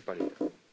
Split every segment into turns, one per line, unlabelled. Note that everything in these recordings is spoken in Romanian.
municipalitate.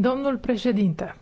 Domnule președinte,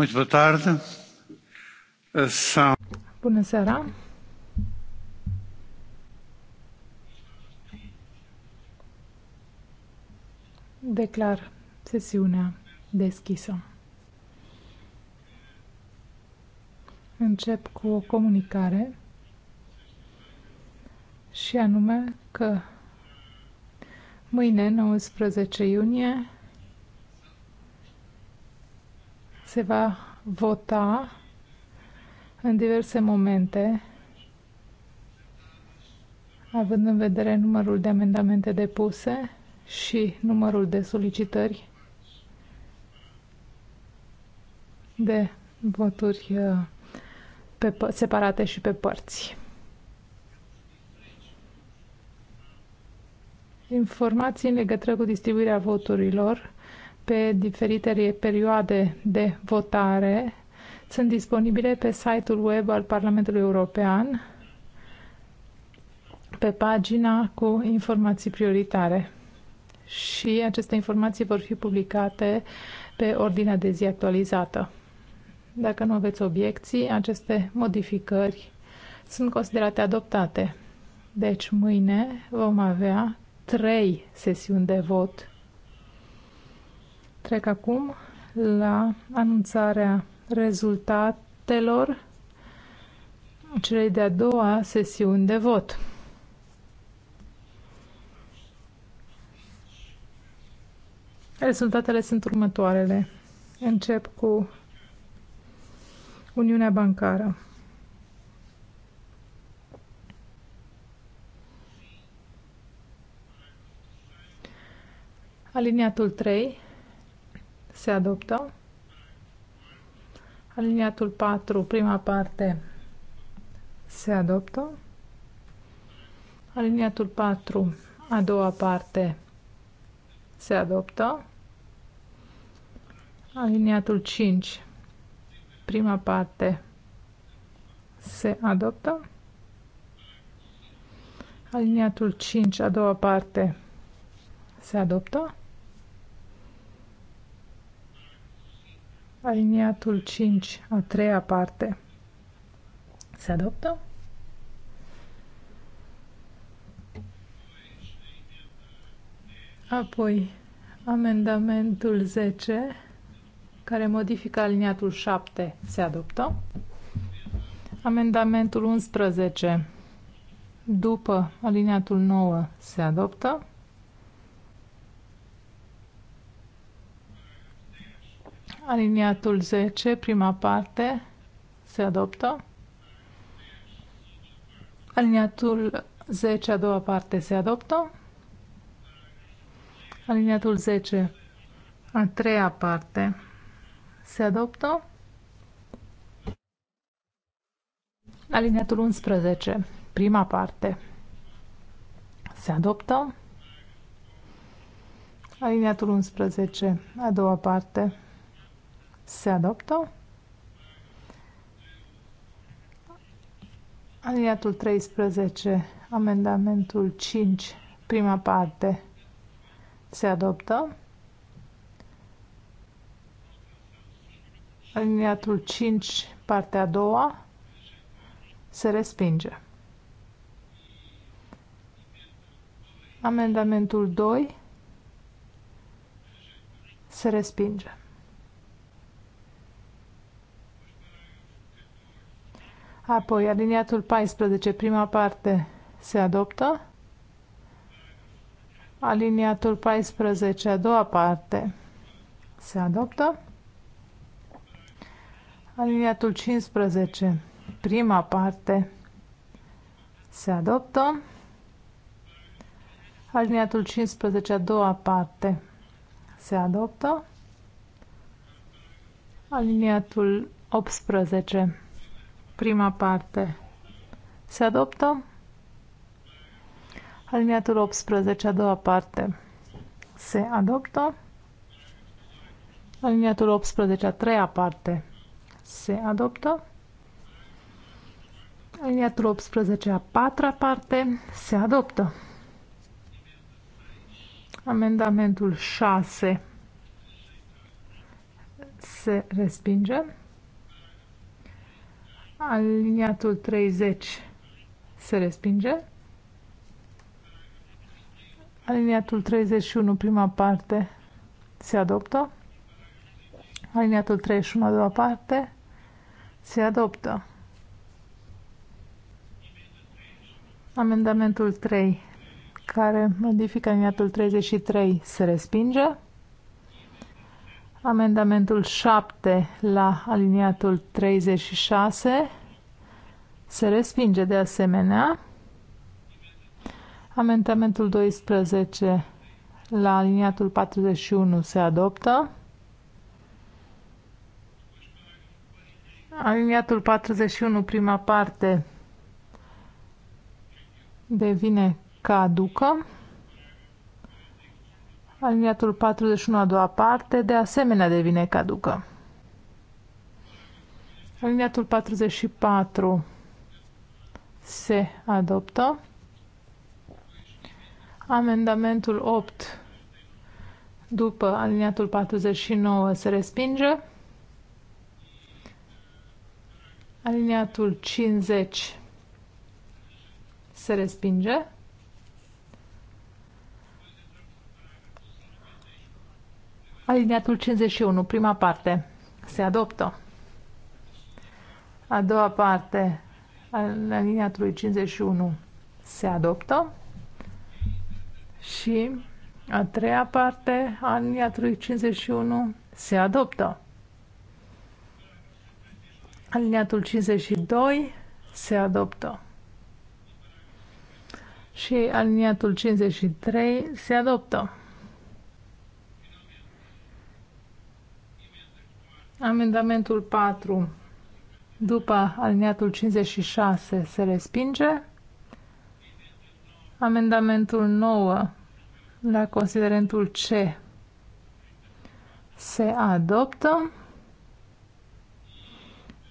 Muito boa tarde. São... Bună seara. Declar sesiunea deschisă. Încep cu o comunicare și anume că mâine, 19 iunie, Se va vota în diverse momente, având în vedere numărul de amendamente depuse și numărul de solicitări de voturi uh, pe, separate și pe părți. Informații în legătură cu distribuirea voturilor pe diferite perioade de votare sunt disponibile pe site-ul web al Parlamentului European pe pagina cu informații prioritare. Și aceste informații vor fi publicate pe ordinea de zi actualizată. Dacă nu aveți obiecții, aceste modificări sunt considerate adoptate. Deci mâine vom avea trei sesiuni de vot Trec acum la anunțarea rezultatelor celei de-a doua sesiuni de vot. Rezultatele sunt următoarele. Încep cu Uniunea Bancară. Aliniatul 3 se adoptă. Aliniatul 4, prima parte, se adoptă. Aliniatul 4, a doua parte, se adoptă. Aliniatul 5, prima parte, se adoptă. Aliniatul 5, a doua parte, se adoptă. Aliniatul 5, a treia parte. Se adoptă? Apoi, amendamentul 10, care modifică aliniatul 7, se adoptă. Amendamentul 11, după aliniatul 9, se adoptă. Aliniatul 10, prima parte, se adoptă. Aliniatul 10, a doua parte, se adoptă. Aliniatul 10, a treia parte, se adoptă. Aliniatul 11, prima parte, se adoptă. Aliniatul 11, a doua parte, se adoptă. Aliniatul 13, amendamentul 5, prima parte, se adoptă. Aliniatul 5, partea a doua, se respinge. Amendamentul 2 se respinge. Apoi, aliniatul 14, prima parte, se adoptă. Aliniatul 14, a doua parte, se adoptă. Aliniatul 15, prima parte, se adoptă. Aliniatul 15, a doua parte, se adoptă. Aliniatul 18, prima parte. Se adoptă? Aliniatul 18, a doua parte. Se adoptă? Aliniatul 18, a treia parte. Se adoptă? Aliniatul 18, a patra parte. Se adoptă? Amendamentul 6 se respinge. Aliniatul 30 se respinge. Aliniatul 31, prima parte, se adoptă. Aliniatul 31, a doua parte, se adoptă. Amendamentul 3, care modifică aliniatul 33, se respinge. Amendamentul 7 la aliniatul 36 se respinge de asemenea. Amendamentul 12 la aliniatul 41 se adoptă. Aliniatul 41, prima parte, devine caducă. Aliniatul 41 a doua parte, de asemenea, devine caducă. Aliniatul 44 se adoptă. Amendamentul 8 după aliniatul 49 se respinge. Aliniatul 50 se respinge. Aliniatul 51, prima parte. Se adoptă. A doua parte, aliniatului 51, se adoptă. Și a treia parte, aliniatului 51, se adoptă. Aliniatul 52 se adoptă. Și aliniatul 53 se adoptă. Amendamentul 4 după alineatul 56 se respinge. Amendamentul 9 la considerentul C se adoptă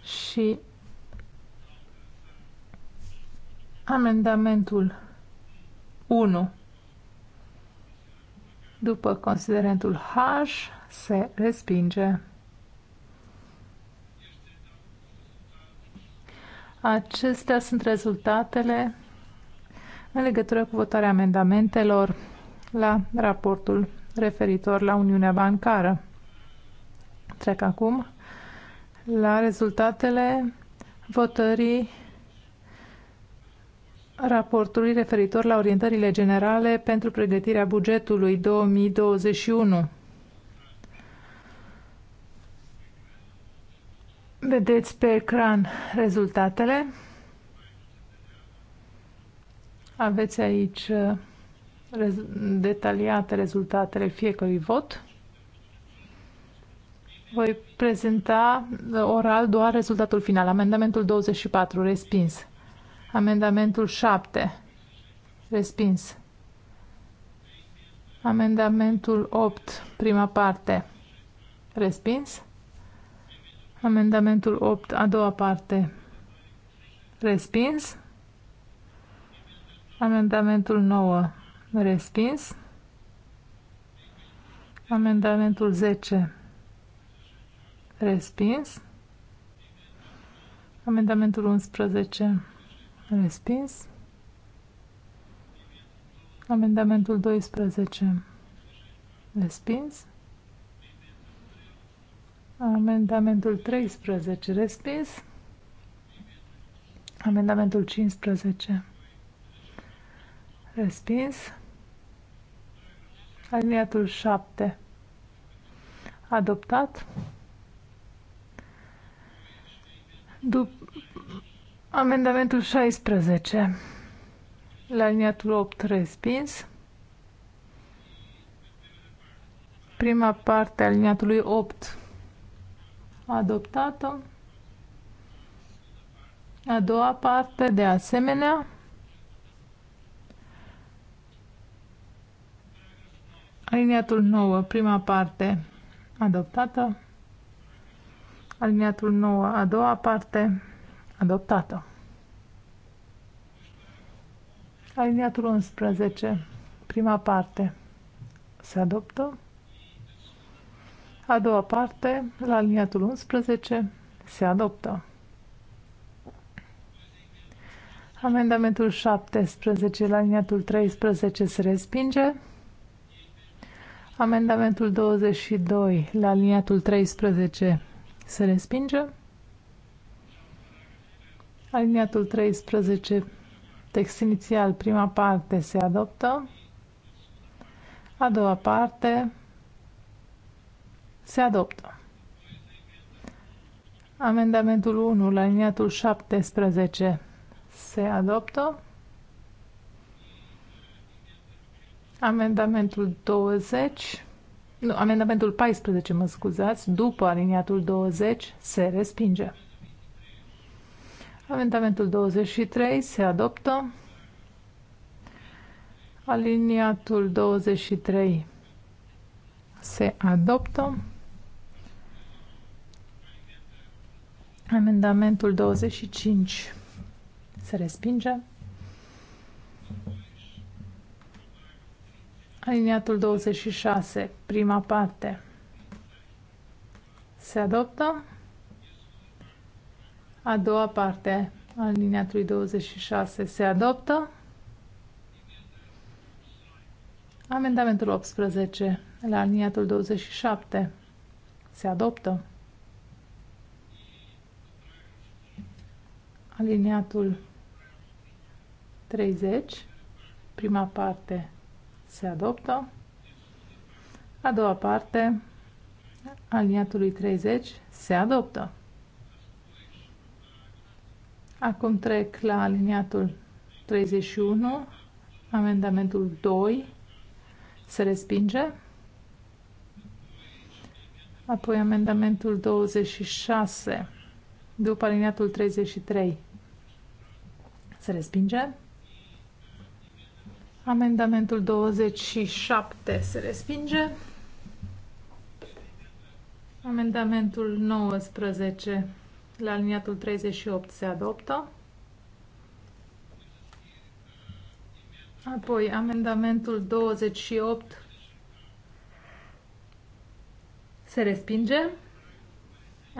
și amendamentul 1 după considerentul H se respinge. Acestea sunt rezultatele în legătură cu votarea amendamentelor la raportul referitor la Uniunea Bancară. Trec acum la rezultatele votării raportului referitor la orientările generale pentru pregătirea bugetului 2021. Vedeți pe ecran rezultatele. Aveți aici uh, rez detaliate rezultatele fiecărui vot. Voi prezenta uh, oral doar rezultatul final. Amendamentul 24, respins. Amendamentul 7, respins. Amendamentul 8, prima parte, respins. Amendamentul 8, a doua parte, respins. Amendamentul 9, respins. Amendamentul 10, respins. Amendamentul 11, respins. Amendamentul 12, respins. Amendamentul 13 respins. Amendamentul 15 respins. Aliniatul 7 adoptat. Dup amendamentul 16 la aliniatul 8 respins. Prima parte a aliniatului 8 adoptată. A doua parte, de asemenea, aliniatul 9, prima parte, adoptată. Aliniatul 9, a doua parte, adoptată. Aliniatul 11, prima parte, se adoptă. A doua parte, la aliniatul 11, se adoptă. Amendamentul 17 la aliniatul 13 se respinge. Amendamentul 22 la aliniatul 13 se respinge. Aliniatul 13, text inițial, prima parte se adoptă. A doua parte, se adoptă. Amendamentul 1 la liniatul 17 se adoptă. Amendamentul 20, nu, amendamentul 14, mă scuzați, după aliniatul 20 se respinge. Amendamentul 23 se adoptă. Aliniatul 23 se adoptă. Amendamentul 25 se respinge. Aliniatul 26, prima parte, se adoptă. A doua parte liniatului 26 se adoptă. Amendamentul 18 la aliniatul 27 se adoptă. Aliniatul 30, prima parte se adoptă. A doua parte, aliniatului 30, se adoptă. Acum trec la aliniatul 31, amendamentul 2, se respinge. Apoi amendamentul 26, după aliniatul 33, se respinge. Amendamentul 27 se respinge. Amendamentul 19 la aliniatul 38 se adoptă. Apoi amendamentul 28 se respinge.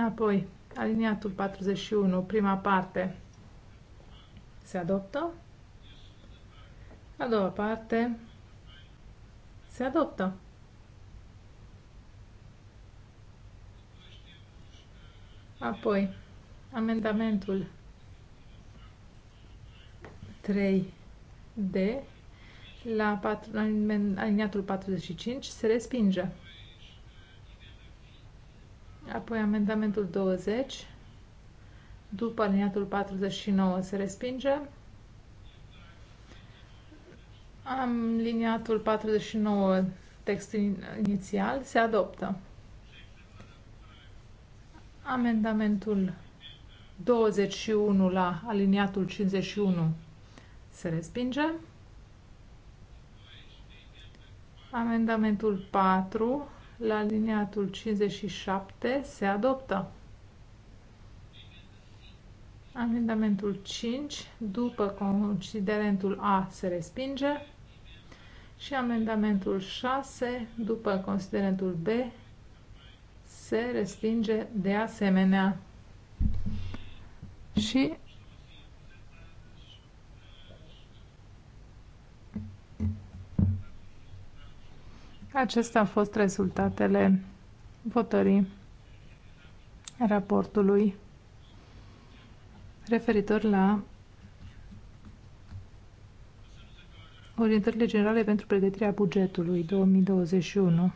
Apoi aliniatul 41, prima parte se adoptă. A doua parte. Se adoptă. Apoi, amendamentul 3D la, aliniatul 45 se respinge. Apoi amendamentul 20 după aliniatul 49 se respinge. Am liniatul 49, text inițial, se adoptă. Amendamentul 21 la aliniatul 51 se respinge. Amendamentul 4 la aliniatul 57 se adoptă. Amendamentul 5, după considerentul A, se respinge. Și amendamentul 6, după considerentul B, se respinge de asemenea. Și acestea au fost rezultatele votării raportului referitor la orientările generale pentru pregătirea bugetului 2021.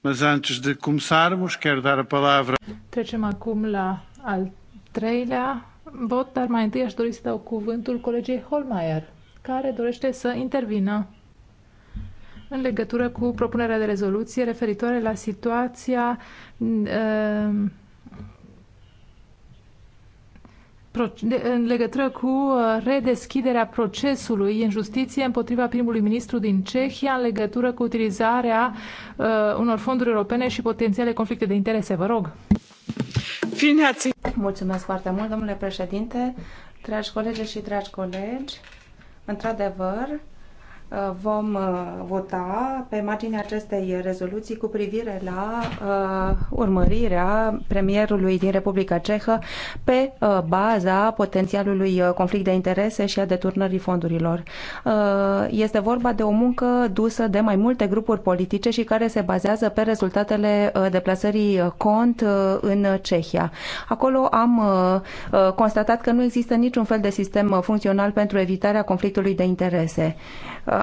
Mas antes de começarmos, quero dar a palavra. Trecem acum la al treilea vot, dar mai întâi aș dori să dau cuvântul colegei Holmeier, care dorește să intervină în legătură cu propunerea de rezoluție referitoare la situația uh, în legătură cu uh, redeschiderea procesului în justiție împotriva primului ministru din Cehia în legătură cu utilizarea uh, unor fonduri europene și potențiale conflicte
de interese. Vă rog. Mulțumesc foarte mult, domnule președinte, dragi colegi și dragi colegi. Într-adevăr, Uh, vom uh, vota pe marginea acestei rezoluții cu privire la uh, urmărirea premierului din Republica Cehă pe baza potențialului conflict de interese și a deturnării fondurilor. Este vorba de o muncă dusă de mai multe grupuri politice și care se bazează pe rezultatele deplasării cont în Cehia. Acolo am constatat că nu există niciun fel de sistem funcțional pentru evitarea conflictului de interese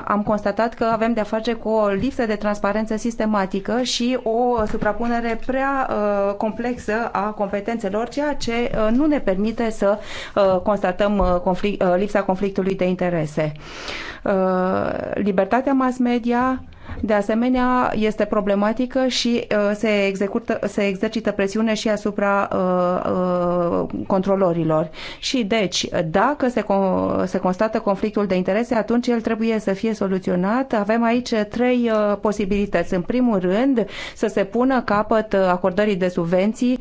am constatat că avem de-a face cu o lipsă de transparență sistematică și o suprapunere prea uh, complexă a competențelor, ceea ce uh, nu ne permite să uh, constatăm conflict, lipsa conflictului de interese. Libertatea mass media de asemenea, este problematică și uh, se, execută, se exercită presiune și asupra uh, uh, controlorilor. Și deci, dacă se, se constată conflictul de interese, atunci el trebuie să fie soluționat. Avem aici trei posibilități. În primul rând, să se pună capăt acordării de subvenții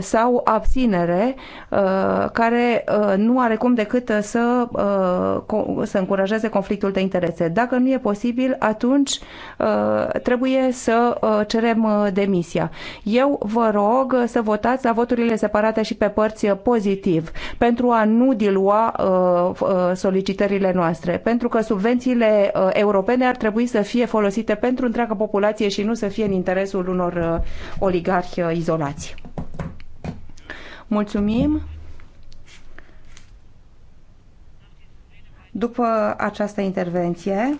sau abținere, care nu are cum decât să, să încurajeze conflictul de interese. Dacă nu e posibil, atunci Uh, trebuie să uh, cerem uh, demisia. Eu vă rog să votați la voturile separate și pe părți pozitiv, pentru a nu dilua solicitările noastre, pentru că subvențiile europene ar trebui să fie folosite pentru întreaga populație și nu să fie în interesul unor oligarhi izolați. Mulțumim! După această intervenție,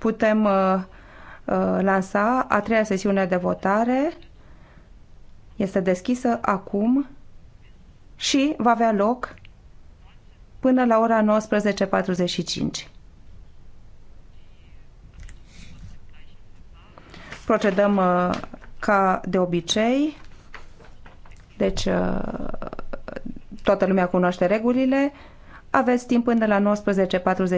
putem uh, uh, lansa a treia sesiune de votare. Este deschisă acum și va avea loc până la ora 19.45. Procedăm uh, ca de obicei, deci toată lumea cunoaște regulile, aveți timp până la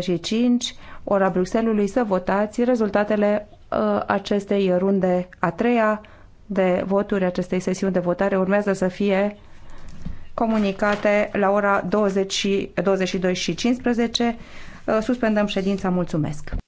19.45 ora Bruxellesului să votați rezultatele uh, acestei runde a treia de voturi, acestei sesiuni de votare urmează să fie comunicate la ora 20 și 22 și 15. Uh, suspendăm ședința. Mulțumesc!